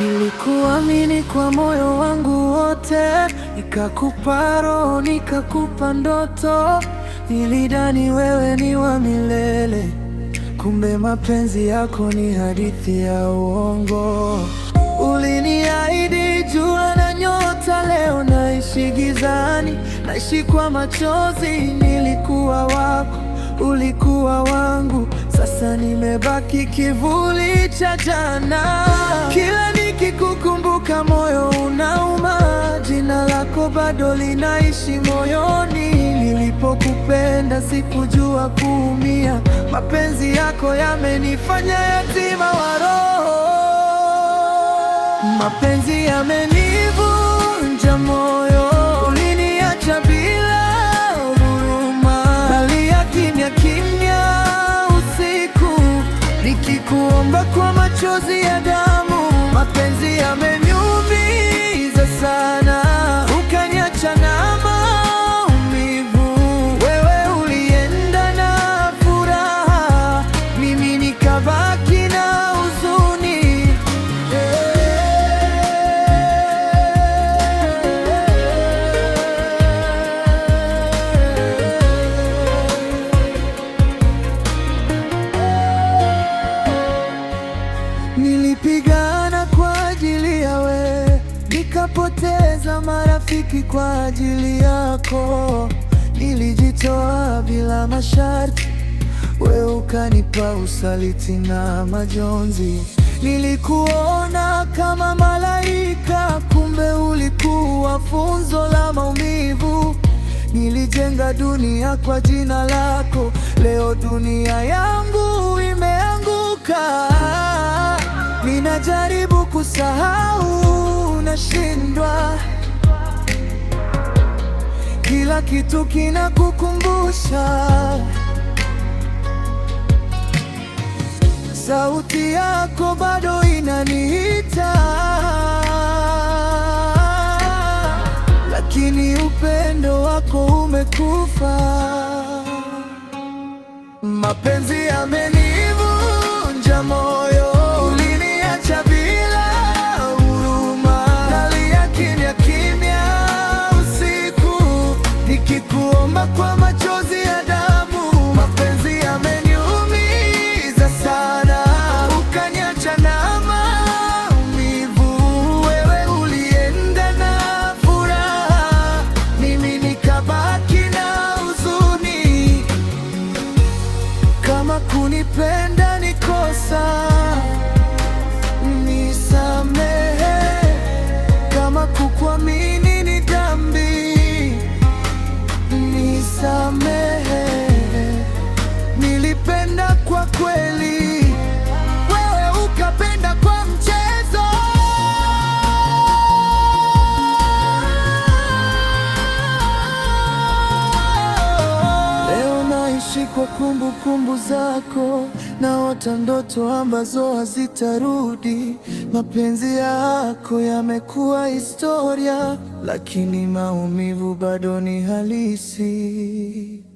Nilikuamini kwa moyo wangu wote, nikakupa roho, nikakupa ndoto. Nilidhani wewe ni wa milele, kumbe mapenzi yako ni hadithi ya uongo. Uliniahidi jua na nyota, leo naishi gizani, naishi kwa machozi. Nilikuwa wako, ulikuwa wangu, sasa nimebaki kivuli cha jana. Kila Nikikukumbuka moyo unauma, jina lako bado linaishi moyoni. Nilipokupenda sikujua kuumia, mapenzi yako yamenifanya yatima wa roho, mapenzi yamenivunja moyo, uliniacha bila huruma, nalia kimya kimya usiku, nikikuomba kwa machozi ya damu mapenzi yameniumiza sana, ukaniacha na maumivu. Wewe ulienda na furaha, mimi nikabaki na huzuni nilipiga nikapoteza marafiki kwa ajili yako. Nilijitoa bila masharti, wewe ukanipa usaliti na majonzi. Nilikuona kama malaika, kumbe ulikuwa funzo la maumivu. Nilijenga dunia kwa jina lako, leo dunia yangu imeanguka. Ninajaribu kusahau unashindwa, kila kitu kinakukumbusha sauti yako bado inaniita, lakini upendo wako umekufa, mapenzi yameni kwa machozi kumbukumbu kumbu zako, naota ndoto ambazo hazitarudi. Mapenzi yako yamekuwa historia, lakini maumivu bado ni halisi.